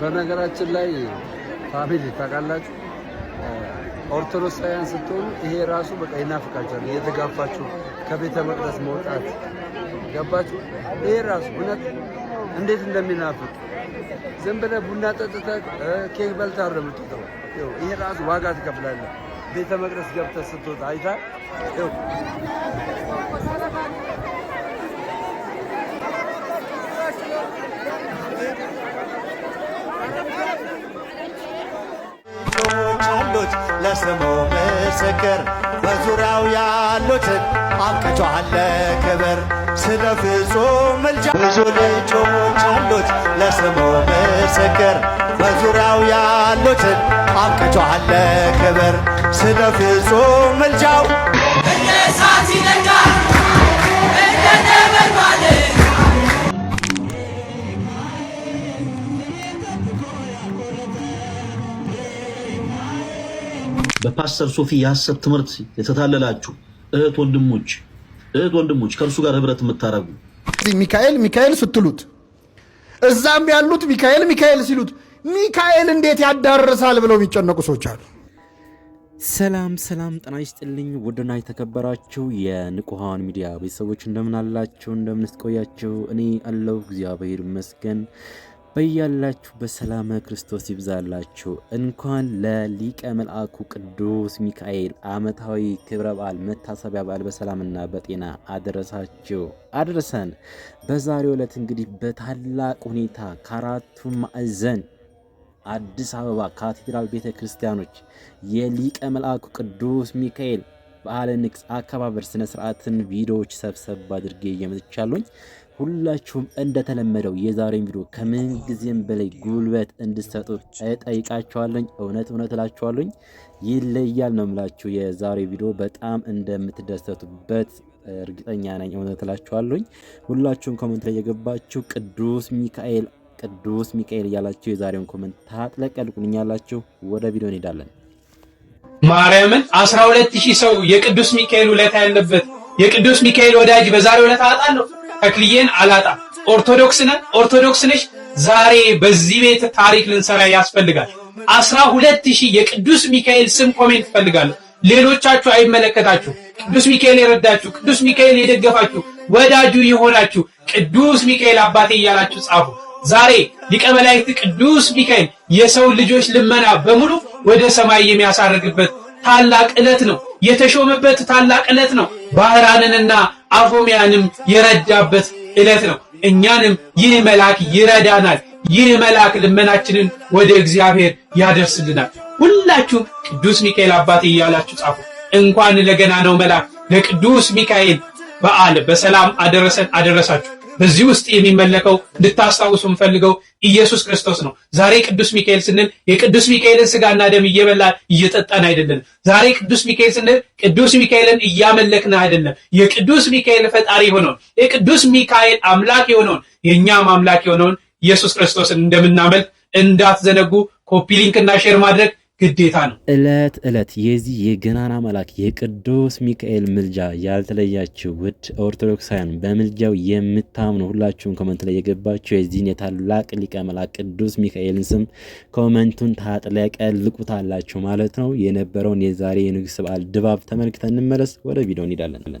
በነገራችን ላይ ፋሚሊ ታውቃላችሁ፣ ኦርቶዶክሳውያን ስትሆኑ ይሄ ራሱ በቃ ይናፍቃችኋል። እየተጋፋችሁ ከቤተ መቅደስ መውጣት ገባችሁ። ይሄ ራሱ እውነት እንዴት እንደሚናፍቅ ዝም ብለህ ቡና ጠጥተህ ኬክ በልተህ አይደለም የምትወጣው። ይሄ ራሱ ዋጋ ትከፍላለህ። ቤተ መቅደስ ገብተህ ስትወጣ አይታ ወንዶች ለስሙ ምስክር በዙሪያው ያሉትን አብቅቷለ ክብር ስለ ፍጹም ምልጃ ብዙ ልጆች አሉት ለስሙ ምስክር በዙሪያው ያሉትን አብቅቷለ ክብር ስለ ፍጹም ምልጃው እሳት ይነጋ በፓስተር ሶፊ የሐሰት ትምህርት የተታለላችሁ እህት ወንድሞች እህት ወንድሞች ከእርሱ ጋር ህብረት የምታረጉ ሚካኤል ሚካኤል ስትሉት እዛም ያሉት ሚካኤል ሚካኤል ሲሉት ሚካኤል እንዴት ያዳርሳል ብለው የሚጨነቁ ሰዎች አሉ። ሰላም ሰላም፣ ጤና ይስጥልኝ ውድና የተከበራችሁ የንቁሃን ሚዲያ ቤተሰቦች እንደምን አላችሁ? እንደምን ስትቆያችሁ? እኔ አለሁ እግዚአብሔር ይመስገን። በያላችሁ በሰላመ ክርስቶስ ይብዛላችሁ። እንኳን ለሊቀ መልአኩ ቅዱስ ሚካኤል ዓመታዊ ክብረ በዓል መታሰቢያ በዓል በሰላምና በጤና አደረሳችሁ አድረሰን በዛሬው ዕለት እንግዲህ በታላቅ ሁኔታ ከአራቱ ማዕዘን አዲስ አበባ ካቴድራል ቤተ ክርስቲያኖች የሊቀ መልአኩ ቅዱስ ሚካኤል በዓለ ንግስ አከባበር ስነ ስርዓትን ቪዲዮዎች ሰብሰብ አድርጌ እየመጥቻለሁኝ። ሁላችሁም እንደተለመደው የዛሬን ቪዲዮ ከምን ጊዜም በላይ ጉልበት እንድሰጡ እጠይቃችኋለኝ። እውነት እውነት እላችኋለኝ ይለያል ነው የምላችሁ። የዛሬ ቪዲዮ በጣም እንደምትደሰቱበት እርግጠኛ ነኝ። እውነት እላችኋለኝ። ሁላችሁም ኮመንት ላይ የገባችሁ ቅዱስ ሚካኤል ቅዱስ ሚካኤል እያላችሁ የዛሬውን ኮመንት ታጥለቀልቁልኛላችሁ። ወደ ቪዲዮ እንሄዳለን። ማርያምን አስራ ሁለት ሺህ ሰው የቅዱስ ሚካኤል ውለታ ያለበት የቅዱስ ሚካኤል ወዳጅ በዛሬ ውለታ አጣለሁ፣ ተክልዬን አላጣ። ኦርቶዶክስ ነን፣ ኦርቶዶክስ ነሽ። ዛሬ በዚህ ቤት ታሪክ ልንሰራ ያስፈልጋል። አስራ ሁለት ሺህ የቅዱስ ሚካኤል ስም ኮሜንት ፈልጋለሁ። ሌሎቻችሁ አይመለከታችሁ። ቅዱስ ሚካኤል የረዳችሁ፣ ቅዱስ ሚካኤል የደገፋችሁ፣ ወዳጁ የሆናችሁ ቅዱስ ሚካኤል አባቴ እያላችሁ ጻፉ። ዛሬ ሊቀ መላእክት ቅዱስ ሚካኤል የሰው ልጆች ልመና በሙሉ ወደ ሰማይ የሚያሳርግበት ታላቅ ዕለት ነው። የተሾመበት ታላቅ ዕለት ነው። ባህራንንና አፎሚያንም የረዳበት ዕለት ነው። እኛንም ይህ መልአክ ይረዳናል። ይህ መልአክ ልመናችንን ወደ እግዚአብሔር ያደርስልናል። ሁላችሁም ቅዱስ ሚካኤል አባቴ እያላችሁ ጻፉ። እንኳን ለገና ነው መልአክ ለቅዱስ ሚካኤል በዓል በሰላም አደረሰን አደረሳችሁ። በዚህ ውስጥ የሚመለከው እንድታስታውሱ የምፈልገው ኢየሱስ ክርስቶስ ነው። ዛሬ ቅዱስ ሚካኤል ስንል የቅዱስ ሚካኤልን ስጋና ደም እየበላ እየጠጣን አይደለም። ዛሬ ቅዱስ ሚካኤል ስንል ቅዱስ ሚካኤልን እያመለክን አይደለም። የቅዱስ ሚካኤል ፈጣሪ የሆነውን የቅዱስ ሚካኤል አምላክ የሆነውን የእኛም አምላክ የሆነውን ኢየሱስ ክርስቶስን እንደምናመልክ እንዳትዘነጉ። ኮፒ ሊንክና ሼር ማድረግ ግዴታ ነው። እለት እለት የዚህ የገናና መልአክ የቅዱስ ሚካኤል ምልጃ ያልተለያችሁ ውድ ኦርቶዶክሳውያን በምልጃው የምታምኑ ሁላችሁም ኮመንት ላይ የገባችሁ የዚህን የታላቅ ሊቀ መልአክ ቅዱስ ሚካኤልን ስም ኮመንቱን ልቁታላችሁ ማለት ነው። የነበረውን የዛሬ የንግስ በዓል ድባብ ተመልክተን እንመለስ። ወደ ቪዲዮ እንሄዳለን።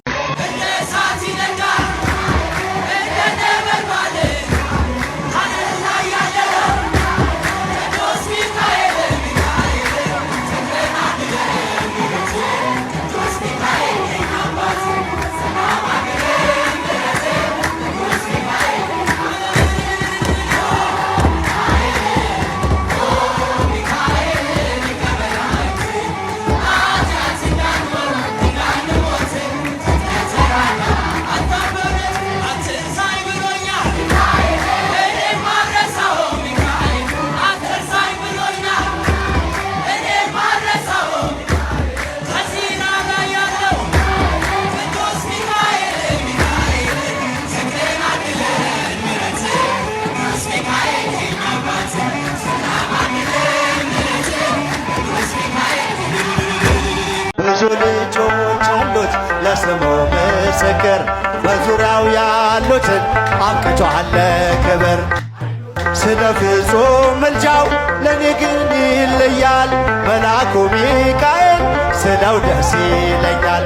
ባወዳው ደስ ይለኛል።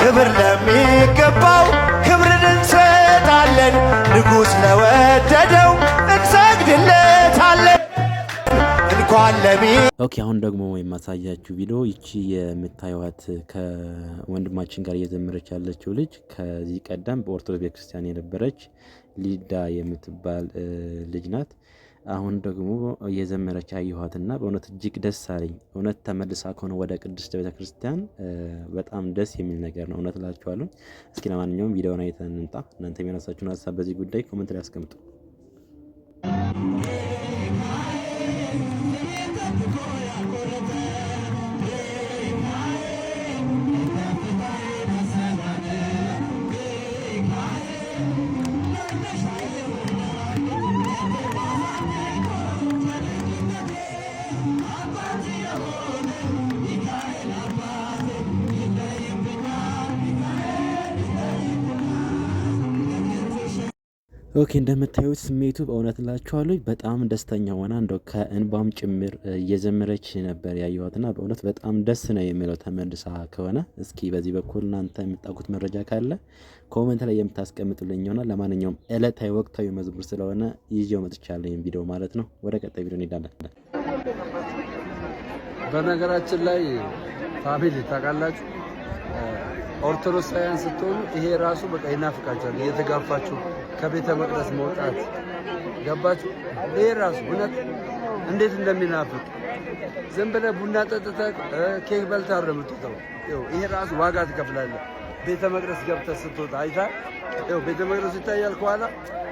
ክብር ለሚገባው ክብርን እንሰጣለን። ንጉሥ ለወደደው እንሰግድለታለን። እንኳን ለሚ ኦኬ አሁን ደግሞ የማሳያችሁ ቪዲዮ ይቺ የምታዩት ከወንድማችን ጋር እየዘመረች ያለችው ልጅ ከዚህ ቀደም በኦርቶዶክስ ቤተክርስቲያን የነበረች ሊዳ የምትባል ልጅ ናት። አሁን ደግሞ እየዘመረች አየኋትና በእውነት እጅግ ደስ አለኝ። እውነት ተመልሳ ከሆነ ወደ ቅድስት ቤተክርስቲያን በጣም ደስ የሚል ነገር ነው። እውነት እላችኋለሁ። እስኪ ለማንኛውም ቪዲዮውን አይተን እንምጣ። እናንተ የራሳችሁን ሀሳብ በዚህ ጉዳይ ኮመንት ላይ አስቀምጡ። ኦኬ እንደምታዩት ስሜቱ በእውነት ላችኋለች በጣም ደስተኛ ሆና እንደው ከእንባም ጭምር እየዘመረች ነበር ያየኋትና በእውነት በጣም ደስ ነው የሚለው ተመልሳ ከሆነ እስኪ በዚህ በኩል እናንተ የምታውቁት መረጃ ካለ ኮመንት ላይ የምታስቀምጡልኝ ይሆናል። ለማንኛውም እለታዊ ወቅታዊ መዝሙር ስለሆነ ይዤው መጥቻለሁ ይህም ቪዲዮ ማለት ነው። ወደ ቀጣይ ቪዲዮ እንሄዳለን። በነገራችን ላይ ፋሚሊ ታውቃላችሁ ኦርቶዶክሳውያን ስትሆኑ ይሄ ራሱ በቃ ይናፍቃችኋል እየተጋፋችሁ ከቤተ መቅደስ መውጣት ገባች። ይሄ ራሱ እውነት እንዴት እንደሚናፍቅ ዝም ብለህ ቡና ጠጥተህ ኬክ በልተህ ነው የምትወጣው። ይሄ ራሱ ዋጋ ትከፍላለህ። ቤተ መቅደስ ገብተህ ስትወጣ አይታ ቤተ መቅደሱ ይታያል ከኋላ።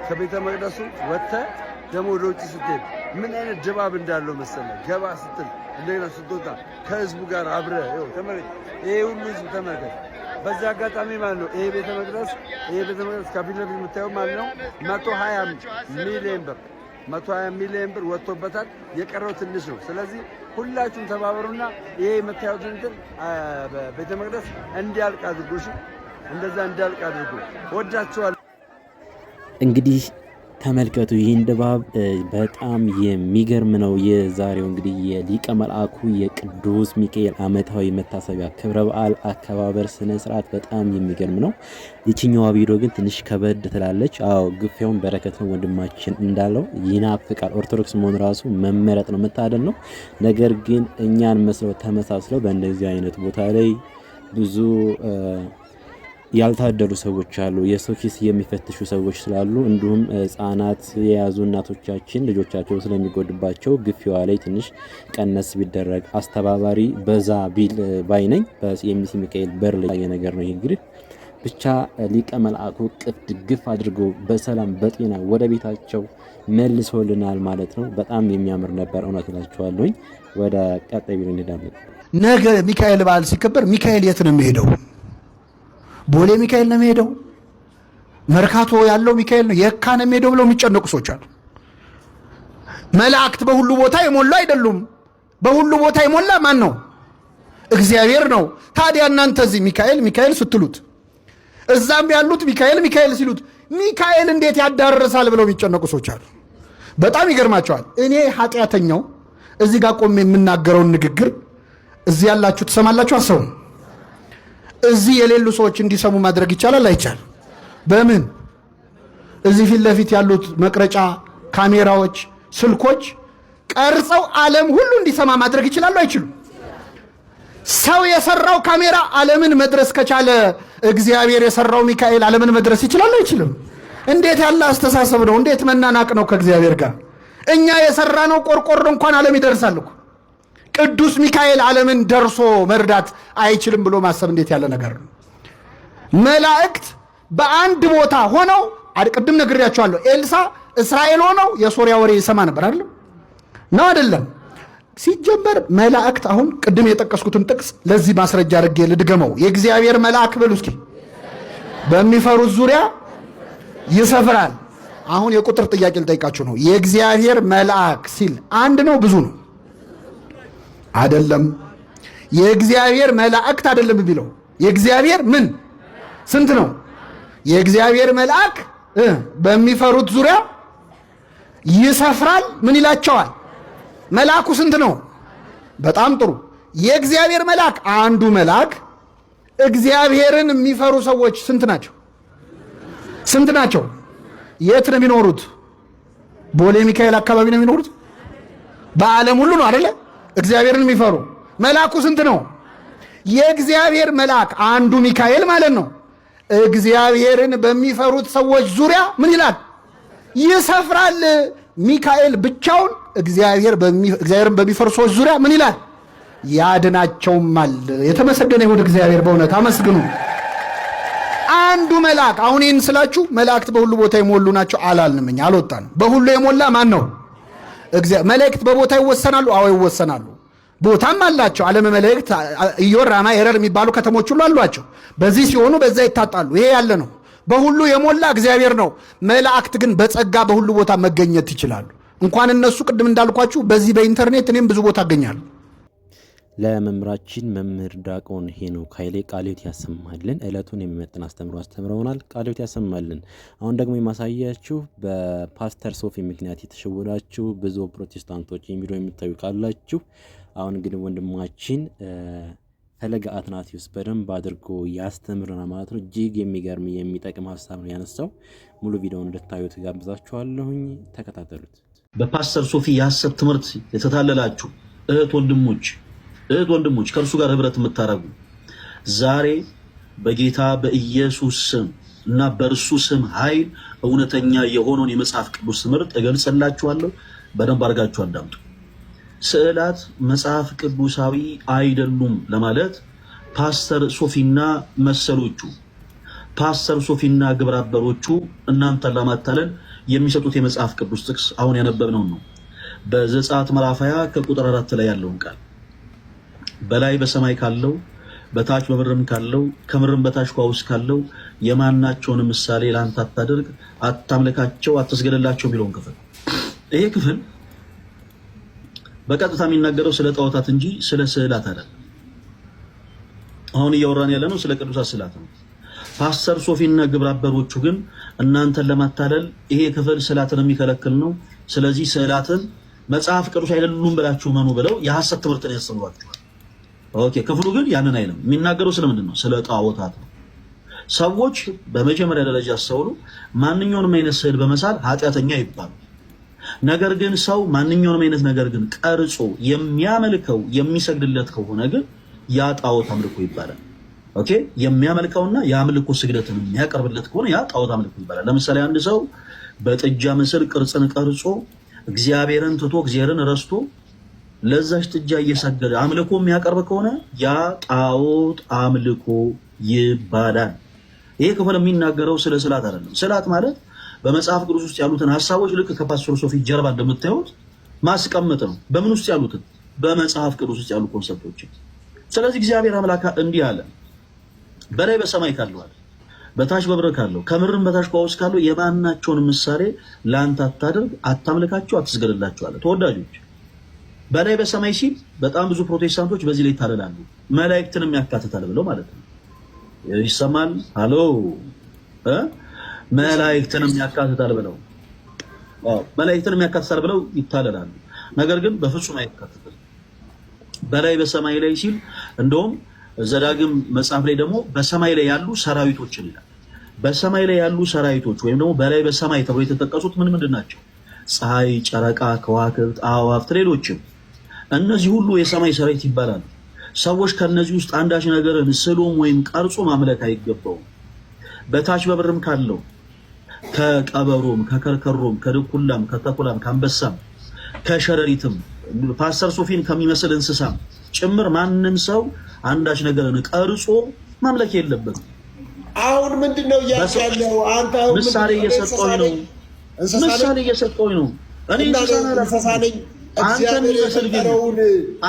ከቤተ መቅደሱ ወጥተህ ደግሞ ወደ ውጭ ስትሄድ ምን አይነት ድባብ እንዳለው መሰለህ። ገባ ስትል እንደገና ስትወጣ ከህዝቡ ጋር አብረህ ተመልከት። ይሄ ሁሉ ህዝብ ተመልከት። በዚህ አጋጣሚ ማለት ነው ይሄ ቤተ መቅደስ ይሄ ቤተ መቅደስ ከፊት ለፊት የምታየው ማለት ነው መቶ ሀያ ሚሊዮን ብር መቶ ሀያ ሚሊዮን ብር ወጥቶበታል። የቀረው ትንሽ ነው። ስለዚህ ሁላችሁም ተባበሩና ይሄ የምታዩትን እንትን ቤተ መቅደስ እንዲያልቅ አድርጎ፣ እንደዛ እንዲያልቅ አድርጎ ወዳችኋል እንግዲህ ተመልከቱ ይህን ድባብ በጣም የሚገርም ነው። የዛሬው እንግዲህ የሊቀ መልአኩ የቅዱስ ሚካኤል ዓመታዊ መታሰቢያ ክብረ በዓል አከባበር ስነ ስርዓት በጣም የሚገርም ነው። ይችኛዋ ቪዲዮ ግን ትንሽ ከበድ ትላለች። አዎ ግፌውን በረከት ነው ወንድማችን እንዳለው ይናፍቃል። ኦርቶዶክስ መሆን ራሱ መመረጥ ነው መታደል ነው። ነገር ግን እኛን መስለው ተመሳስለው በእንደዚህ አይነት ቦታ ላይ ብዙ ያልታደሉ ሰዎች አሉ፣ የሰው ኪስ የሚፈትሹ ሰዎች ስላሉ፣ እንዲሁም ህጻናት የያዙ እናቶቻችን ልጆቻቸው ስለሚጎድባቸው ግፊዋ ላይ ትንሽ ቀነስ ቢደረግ አስተባባሪ በዛ ቢል ባይነኝ የሚስ ሚካኤል በር ላይ ነገር ነው። ይህ እንግዲህ ብቻ ሊቀ መልአኩ ቅፍ ድግፍ አድርጎ በሰላም በጤና ወደ ቤታቸው መልሶልናል ማለት ነው። በጣም የሚያምር ነበር። እውነት እላችኋለሁኝ። ወደ ቀጣይ ቢሮ እንሄዳለን። ነገ ሚካኤል በዓል ሲከበር ሚካኤል የት ነው የሚሄደው? ቦሌ ሚካኤል ነው የሚሄደው፣ መርካቶ ያለው ሚካኤል ነው፣ የካ ነው የሚሄደው ብለው የሚጨነቁ ሰዎች አሉ። መላእክት በሁሉ ቦታ የሞሉ አይደሉም። በሁሉ ቦታ የሞላ ማን ነው? እግዚአብሔር ነው። ታዲያ እናንተ እዚህ ሚካኤል ሚካኤል ስትሉት፣ እዛም ያሉት ሚካኤል ሚካኤል ሲሉት ሚካኤል እንዴት ያዳርሳል ብለው የሚጨነቁ ሰዎች አሉ። በጣም ይገርማቸዋል። እኔ ኃጢአተኛው እዚህ ጋር ቆሜ የምናገረውን ንግግር እዚህ ያላችሁ ትሰማላችሁ። አሰውም እዚህ የሌሉ ሰዎች እንዲሰሙ ማድረግ ይቻላል አይቻል? በምን እዚህ ፊት ለፊት ያሉት መቅረጫ ካሜራዎች፣ ስልኮች ቀርጸው ዓለም ሁሉ እንዲሰማ ማድረግ ይችላሉ አይችሉም? ሰው የሰራው ካሜራ ዓለምን መድረስ ከቻለ እግዚአብሔር የሰራው ሚካኤል ዓለምን መድረስ ይችላል አይችልም? እንዴት ያለ አስተሳሰብ ነው! እንዴት መናናቅ ነው ከእግዚአብሔር ጋር! እኛ የሰራነው ቆርቆሮ እንኳን ዓለም ይደርሳል እኮ ቅዱስ ሚካኤል ዓለምን ደርሶ መርዳት አይችልም ብሎ ማሰብ እንዴት ያለ ነገር ነው? መላእክት በአንድ ቦታ ሆነው ቅድም ነግሬያቸዋለሁ። ኤልሳ እስራኤል ሆነው የሶሪያ ወሬ ይሰማ ነበር አይደለም? ነው አይደለም? ሲጀመር መላእክት አሁን ቅድም የጠቀስኩትን ጥቅስ ለዚህ ማስረጃ አድርጌ ልድገመው። የእግዚአብሔር መልአክ በሉ እስኪ በሚፈሩት ዙሪያ ይሰፍራል። አሁን የቁጥር ጥያቄ ልጠይቃችሁ ነው። የእግዚአብሔር መልአክ ሲል አንድ ነው ብዙ ነው? አይደለም። የእግዚአብሔር መላእክት አይደለም ቢለው የእግዚአብሔር ምን ስንት ነው? የእግዚአብሔር መልአክ በሚፈሩት ዙሪያ ይሰፍራል። ምን ይላቸዋል? መልአኩ ስንት ነው? በጣም ጥሩ። የእግዚአብሔር መልአክ አንዱ መልአክ እግዚአብሔርን የሚፈሩ ሰዎች ስንት ናቸው? ስንት ናቸው? የት ነው የሚኖሩት? ቦሌ ሚካኤል አካባቢ ነው የሚኖሩት። በዓለም ሁሉ ነው አደለም? እግዚአብሔርን የሚፈሩ መልአኩ ስንት ነው? የእግዚአብሔር መልአክ አንዱ ሚካኤል ማለት ነው። እግዚአብሔርን በሚፈሩት ሰዎች ዙሪያ ምን ይላል? ይሰፍራል። ሚካኤል ብቻውን እግዚአብሔርን በሚፈሩ ሰዎች ዙሪያ ምን ይላል? ያድናቸውማል። የተመሰገነ ይሁን እግዚአብሔር። በእውነት አመስግኑ። አንዱ መልአክ አሁን ይህን ስላችሁ መላእክት በሁሉ ቦታ የሞሉ ናቸው አላልንም። እኛ በሁሉ የሞላ ማን ነው? መላእክት በቦታ ይወሰናሉ? አዎ ይወሰናሉ። ቦታም አላቸው። ዓለም መላእክት ኢዮር፣ ራማ፣ የሚባሉ ከተሞች ሁሉ አሏቸው። በዚህ ሲሆኑ በዛ ይታጣሉ። ይሄ ያለ ነው። በሁሉ የሞላ እግዚአብሔር ነው። መላእክት ግን በጸጋ በሁሉ ቦታ መገኘት ይችላሉ። እንኳን እነሱ ቅድም እንዳልኳችሁ በዚህ በኢንተርኔት እኔም ብዙ ቦታ አገኛለሁ። ለመምህራችን መምህር ዲያቆን ሄኖክ ኃይሌ ቃልዎት ያሰማልን። ዕለቱን የሚመጥን አስተምሮ አስተምረውናል። ቃልዎት ያሰማልን። አሁን ደግሞ የማሳያችሁ በፓስተር ሶፊ ምክንያት የተሸወዳችሁ ብዙ ፕሮቴስታንቶች የሚሉ የሚታዩ ካላችሁ አሁን ግን ወንድማችን ፈለገ አትናቴዎስ በደንብ አድርጎ ያስተምርና ማለት ነው። እጅግ የሚገርም የሚጠቅም ሀሳብ ነው ያነሳው። ሙሉ ቪዲዮውን እንድታዩት ጋብዛችኋለሁኝ። ተከታተሉት። በፓስተር ሶፊ የሐሰት ትምህርት የተታለላችሁ እህት ወንድሞች እህት ወንድሞች ከእርሱ ጋር ህብረት የምታደርጉ ዛሬ በጌታ በኢየሱስ ስም እና በእርሱ ስም ኃይል እውነተኛ የሆነውን የመጽሐፍ ቅዱስ ትምህርት እገልጽላችኋለሁ። በደንብ አድርጋችሁ አዳምጡ። ስዕላት መጽሐፍ ቅዱሳዊ አይደሉም ለማለት ፓስተር ሶፊና መሰሎቹ ፓስተር ሶፊና ግብረ እናንተ እናንተን ለማታለል የሚሰጡት የመጽሐፍ ቅዱስ ጥቅስ አሁን ያነበብነውን ነው። በዘጸአት ምዕራፍ ከቁጥር 4 ላይ ያለውን ቃል በላይ በሰማይ ካለው በታች በምድርም ካለው ከምድርም በታች ውኃ ውስጥ ካለው የማናቸውን ምሳሌ ለአንተ አታደርግ፣ አታምልካቸው፣ አትስገድላቸው የሚለውን ክፍል ይሄ ክፍል በቀጥታ የሚናገረው ስለ ጣዖታት እንጂ ስለ ስዕላት አይደለም። አሁን እያወራን ያለ ነው ስለ ቅዱሳት ስዕላት ነው። ፓስተር ሶፊና ግብር አበቦቹ ግን እናንተን ለማታለል ይሄ ክፍል ስዕላትን የሚከለክል ነው፣ ስለዚህ ስዕላትን መጽሐፍ ቅዱስ አይደሉም ብላችሁ መኑ ብለው የሐሰት ትምህርትን ያሰሟቸዋል። ኦኬ ክፍሉ ግን ያንን አይልም። የሚናገረው ስለምንድን ነው? ስለ ጣዖታት ነው። ሰዎች በመጀመሪያ ደረጃ አስተውሉ። ማንኛውንም አይነት ስዕል በመሳል ኃጢአተኛ ይባሉ። ነገር ግን ሰው ማንኛውንም አይነት ነገር ግን ቀርጾ የሚያመልከው የሚሰግድለት ከሆነ ግን ያ ጣዖት አምልኮ ይባላል። ኦኬ የሚያመልከውና የአምልኮ ስግደትን የሚያቀርብለት ከሆነ ያ ጣዖት አምልኮ ይባላል። ለምሳሌ አንድ ሰው በጥጃ ምስል ቅርጽን ቀርጾ እግዚአብሔርን ትቶ እግዚአብሔርን ረስቶ ለዛች ጥጃ እየሰገደ አምልኮ የሚያቀርብ ከሆነ ያ ጣዖት አምልኮ ይባላል። ይሄ ክፍል የሚናገረው ስለ ስላት አይደለም። ስላት ማለት በመጽሐፍ ቅዱስ ውስጥ ያሉትን ሀሳቦች ልክ ከፓስተር ሶፊ ጀርባ እንደምታዩት ማስቀመጥ ነው። በምን ውስጥ ያሉትን? በመጽሐፍ ቅዱስ ውስጥ ያሉ ኮንሰፕቶችን። ስለዚህ እግዚአብሔር አምላክ እንዲህ አለ፣ በላይ በሰማይ ካለዋል በታች በብረ ካለው ከምድርም በታች በውሃ ውስጥ ካለው የማናቸውን ምሳሌ ለአንተ አታድርግ፣ አታምልካቸው፣ አትስገድላቸው አለ። ተወዳጆች በላይ በሰማይ ሲል በጣም ብዙ ፕሮቴስታንቶች በዚህ ላይ ይታረዳሉ። መላእክትንም ያካትታል ብለው ማለት ነው። ይሰማል። ሃሎ መላእክትንም ያካትታል ብለው መላእክትን የሚያካትታል ብለው ይታለላሉ። ነገር ግን በፍጹም አይካትትም። በላይ በሰማይ ላይ ሲል እንደውም ዘዳግም መጽሐፍ ላይ ደግሞ በሰማይ ላይ ያሉ ሰራዊቶችን ይላል። በሰማይ ላይ ያሉ ሰራዊቶች ወይም ደግሞ በላይ በሰማይ ተብሎ የተጠቀሱት ምን ምንድን ናቸው? ፀሐይ፣ ጨረቃ፣ ከዋክብት፣ አዋፍት፣ ሌሎችም እነዚህ ሁሉ የሰማይ ሰራዊት ይባላሉ። ሰዎች ከነዚህ ውስጥ አንዳች ነገርን ስሎም ወይም ቀርጾ ማምለክ አይገባውም። በታች በብርም ካለው ከቀበሮም፣ ከከርከሮም፣ ከድኩላም፣ ከተኩላም፣ ከአንበሳም፣ ከሸረሪትም ፓስተር ሶፊን ከሚመስል እንስሳም ጭምር ማንም ሰው አንዳች ነገርን ቀርጾ ማምለክ የለበትም። አሁን ምንድነው ያለው? አንተ አሁን ምሳሌ እየሰጠሁኝ ነው። ምሳሌ እየሰጠሁኝ ነው። እኔ እንስሳ ነኝ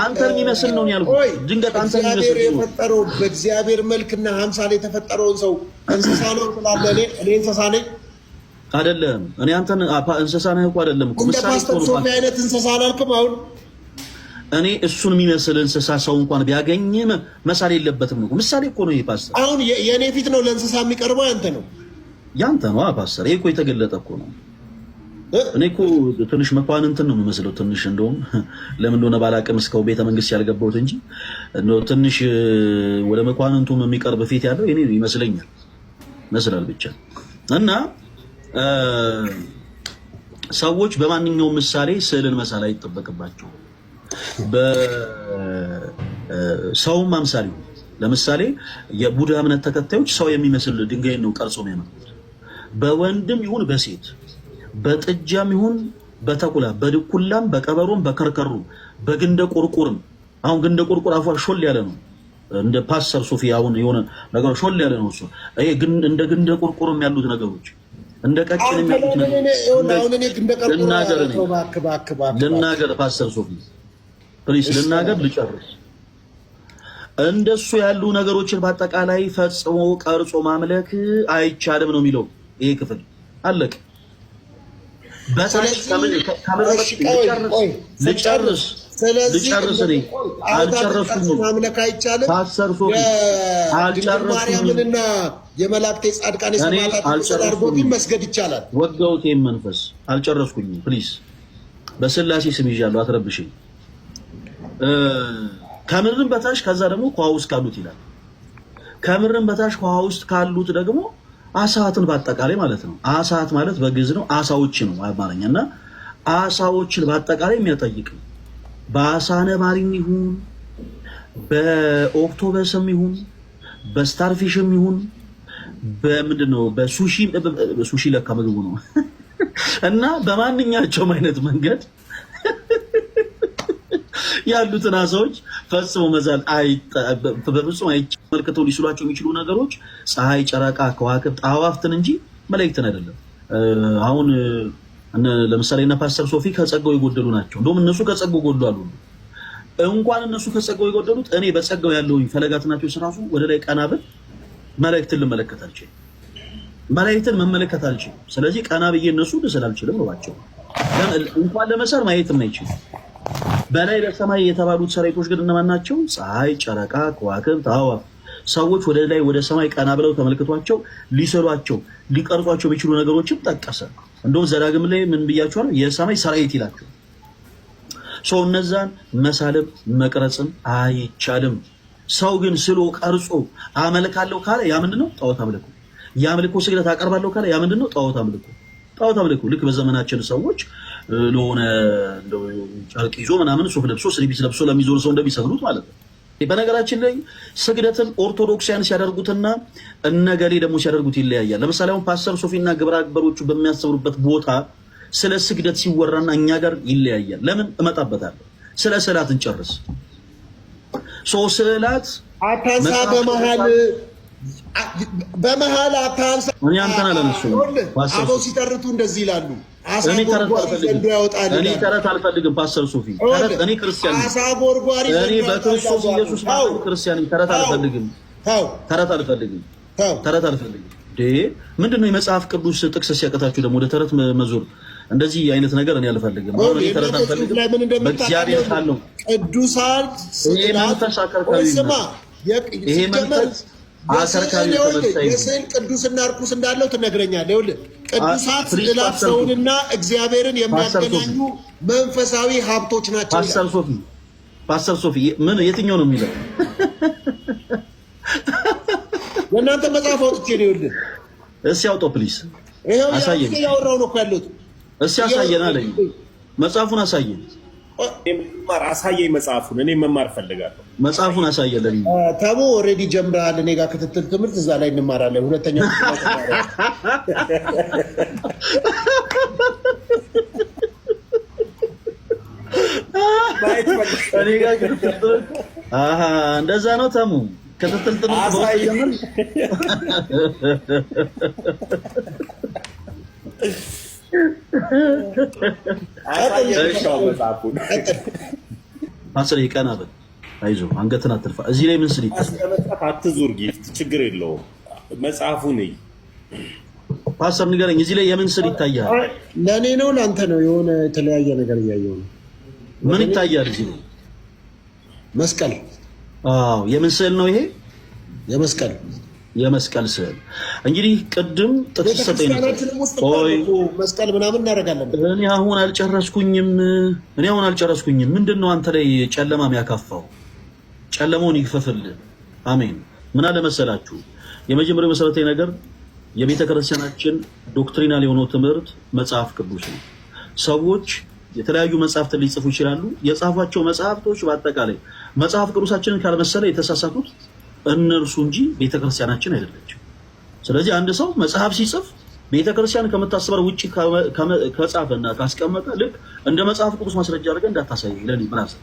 አንተን የሚመስል ነው ያልኩት። ድንገት አንተን የሚመስል የፈጠረው በእግዚአብሔር መልክና አምሳል የተፈጠረውን ሰው እንስሳ ነው ስላለ እኔ እንስሳ ነኝ አይደለም። እኔ አንተን እንስሳ ነህ እኮ አይደለም ፓስተር ሶፊ አይነት እንስሳ አላልክም። አሁን እኔ እሱን የሚመስል እንስሳ ሰው እንኳን ቢያገኝ መሳሌ የለበትም እኮ ምሳሌ እኮ ነው ይሄ ፓስተር። አሁን የእኔ ፊት ነው ለእንስሳ የሚቀርበው ያንተ ነው ያንተ ነው ፓስተር። ይሄ እኮ የተገለጠ እኮ ነው እኔ እኮ ትንሽ መኳንንትን ነው የምመስለው። ትንሽ እንደውም ለምን እንደሆነ ባላቅም እስከው ቤተ መንግስት ያልገባሁት እንጂ ትንሽ ወደ መኳንንቱም የሚቀርብ ፊት ያለው እኔ ይመስለኛል መስላል ብቻ እና ሰዎች በማንኛውም ምሳሌ ስዕልን መሳል አይጠበቅባቸው። በሰውም አምሳል ለምሳሌ የቡድሃ እምነት ተከታዮች ሰው የሚመስል ድንጋይን ነው ቀርጾ የሚያመጡት። በወንድም ይሁን በሴት በጥጃም ይሁን በተኩላ በድኩላም በቀበሮም በከርከሩ በግንደ ቁርቁርም አሁን ግንደ ቁርቁር አፏ ሾል ያለ ነው። እንደ ፓስተር ሶፊ አሁን የሆነ ነገር ሾል ያለ ነው እሱ። ይሄ እንደ ግንደ ቁርቁርም ያሉት ነገሮች እንደ ቀጭን የሚያሉት ነገሮች ልናገር ልናገር ፓስተር ሶፊ ፕሊስ ልናገር ልጨርስ። እንደሱ ያሉ ነገሮችን በአጠቃላይ ፈጽሞ ቀርጾ ማምለክ አይቻልም ነው የሚለው ይሄ ክፍል አለቅ ልጨርስ ማምለክ መስገድ ይቻላል። መንፈስ አልጨረስኩኝም። ፕሊዝ በስላሴ ስም ይዣለሁ፣ አትረብሽኝ። ከምድርም በታች ከዛ ደግሞ ከውሃ ውስጥ ካሉት ይላል። ከምድርም በታች ከውሃ ውስጥ ካሉት ደግሞ አሳትን በአጠቃላይ ማለት ነው። አሳት ማለት በግዕዝ ነው፣ አሳዎች ነው አማርኛ እና አሳዎችን በአጠቃላይ የሚያጠይቅ በአሳ ነባሪም ይሁን በኦክቶበስም ይሁን በስታርፊሽም ይሁን በምንድን ነው በሱሺ ሱሺ ለካ ምግቡ ነው እና በማንኛቸውም አይነት መንገድ ያሉትን አሳዎች ፈጽሞ መዛል በፍጹም አይመልከተው ሊስሏቸው የሚችሉ ነገሮች ፀሐይ፣ ጨረቃ፣ ከዋክብት፣ አዋፍትን እንጂ መላእክትን አይደለም። አሁን ለምሳሌ እነ ፓስተር ሶፊ ከጸጋው የጎደሉ ናቸው። እንደውም እነሱ ከጸጋው ጎዱ አሉ። እንኳን እነሱ ከጸጋው የጎደሉት እኔ በጸጋው ያለውኝ ፈለጋት ናቸው። ስራሱ ወደ ላይ ቀና ብል መላእክትን ልመለከት አልችልም። መላእክትን መመለከት አልችል። ስለዚህ ቀና ብዬ እነሱ ልስል አልችልም። እባቸው እንኳን ለመሳል ማየትም አይችልም። በላይ በሰማይ የተባሉት ሰራዊቶች ግን እነማን ናቸው? ፀሐይ፣ ጨረቃ፣ ከዋክብት፣ አዕዋፍ ሰዎች ወደ ላይ ወደ ሰማይ ቀና ብለው ተመልክቷቸው ሊሰሏቸው ሊቀርጿቸው የሚችሉ ነገሮችም ጠቀሰ። እንደውም ዘዳግም ላይ ምን ብያቸዋለሁ? የሰማይ ሰራዊት ይላቸው ሰው እነዛን መሳልም መቅረጽም አይቻልም። ሰው ግን ስሎ ቀርጾ አመልካለሁ ካለ ያ ምንድን ነው? ጣዖት አምልኮ። የአምልኮ ስግደት አቀርባለሁ ካለ ያ ምንድን ነው? ጣዖት አምልኮ። ጣዖት አምልኮ ልክ በዘመናችን ሰዎች ለሆነ ጨርቅ ይዞ ምናምን ሱፍ ለብሶ ስሪቢስ ለብሶ ለሚዞር ሰው እንደሚሰግዱት ማለት ነው። በነገራችን ላይ ስግደትን ኦርቶዶክሲያን ሲያደርጉትና እነገሌ ደግሞ ሲያደርጉት ይለያያል። ለምሳሌ አሁን ፓስተር ሶፊና ግብረ አግበሮቹ በሚያስተምሩበት ቦታ ስለ ስግደት ሲወራና እኛ ጋር ይለያያል። ለምን እመጣበታለሁ። ስለ ስዕላት እንጨርስ። ስዕላት አታሳ በመሀል በመሀል አበው ሲጠርቱ እንደዚህ ይላሉ። አሳ ጎርጓሪ ያወጣል። እኔ ተረት አልፈልግም። ፓስተር ሱፊ እኔ ክርስቲያን ነኝ። አሳ ጎርጓሪ እኔ በክርስቶስ ኢየሱስ ክርስቲያን ነኝ። ተረት አልፈልግም። ተረት አልፈልግም። ተረት አልፈልግም። ምንድን ነው የመጽሐፍ ቅዱስ ጥቅስ ሲያቀታችሁ ደግሞ ወደ ተረት መዞር እንደዚህ አይነት ነገር እኔ አልፈልግም። በእግዚአብሔር ካለው ቅዱሳን ይሄ መንፈስ የስዕል ቅዱስና እርኩስ እንዳለው ትነግረኛለህ። ይኸውልህ ቅዱሳት ስዕላት ሰውንና እግዚአብሔርን የሚያገናኙ መንፈሳዊ ሀብቶች ናቸው። ፓስተር ሶፊ ምን የትኛው ነው የሚለው? የእናንተ መጽሐፍ አውጥቼ ነው። ይኸውልህ እስኪ አውጣው ፕሊዝ፣ አሳየን። ያወራው ነው እኮ ያለሁት። እስኪ አሳየን አለኝ። መጽሐፉን አሳየን አሳየኝ መጽሐፉን፣ እኔ መማር ፈልጋለሁ። መጽሐፉን አሳየለኝ። ታሞ ኦልሬዲ ጀምረሃል። እኔ ጋር ክትትል ትምህርት እዛ ላይ እንማራለን። ሁለተኛ እንደዛ ነው። ተሙ ክትትል ትምህርት አስር ቀና በል አይዞህ፣ አንገትን አትልፋ። እዚህ ላይ ምን ስል ይመጽሐፍ አትዙር፣ ጊፍት ችግር የለውም። መጽሐፉ ነይ ፓስተር ንገረኝ፣ እዚህ ላይ የምን ስል ይታያል? ለእኔ ነው ለአንተ ነው? የሆነ የተለያየ ነገር እያየሁ ነው። ምን ይታያል እዚህ ነው? መስቀል። አዎ፣ የምን ስዕል ነው ይሄ? የመስቀል የመስቀል ስዕል እንግዲህ ቅድም ጥቅስ ሰጠኝ። መስቀል ምናምን እናደርጋለን። እኔ አሁን አልጨረስኩኝም። እኔ አሁን አልጨረስኩኝም። ምንድን ነው አንተ ላይ ጨለማ የሚያካፋው? ጨለማውን ይክፈፍል። አሜን። ምን አለ መሰላችሁ፣ የመጀመሪያው መሰረታዊ ነገር የቤተ ክርስቲያናችን ዶክትሪናል የሆነው ትምህርት መጽሐፍ ቅዱስ ነው። ሰዎች የተለያዩ መጽሐፍትን ሊጽፉ ይችላሉ። የጻፏቸው መጽሐፍቶች በአጠቃላይ መጽሐፍ ቅዱሳችንን ካልመሰለ የተሳሳቱት እነርሱ እንጂ ቤተክርስቲያናችን አይደለችም። ስለዚህ አንድ ሰው መጽሐፍ ሲጽፍ ቤተክርስቲያን ከምታስበው ውጭ ከጻፈና ካስቀመጠ ልክ እንደ መጽሐፍ ቅዱስ ማስረጃ አድርገህ እንዳታሳይ ለኔ ብራዘር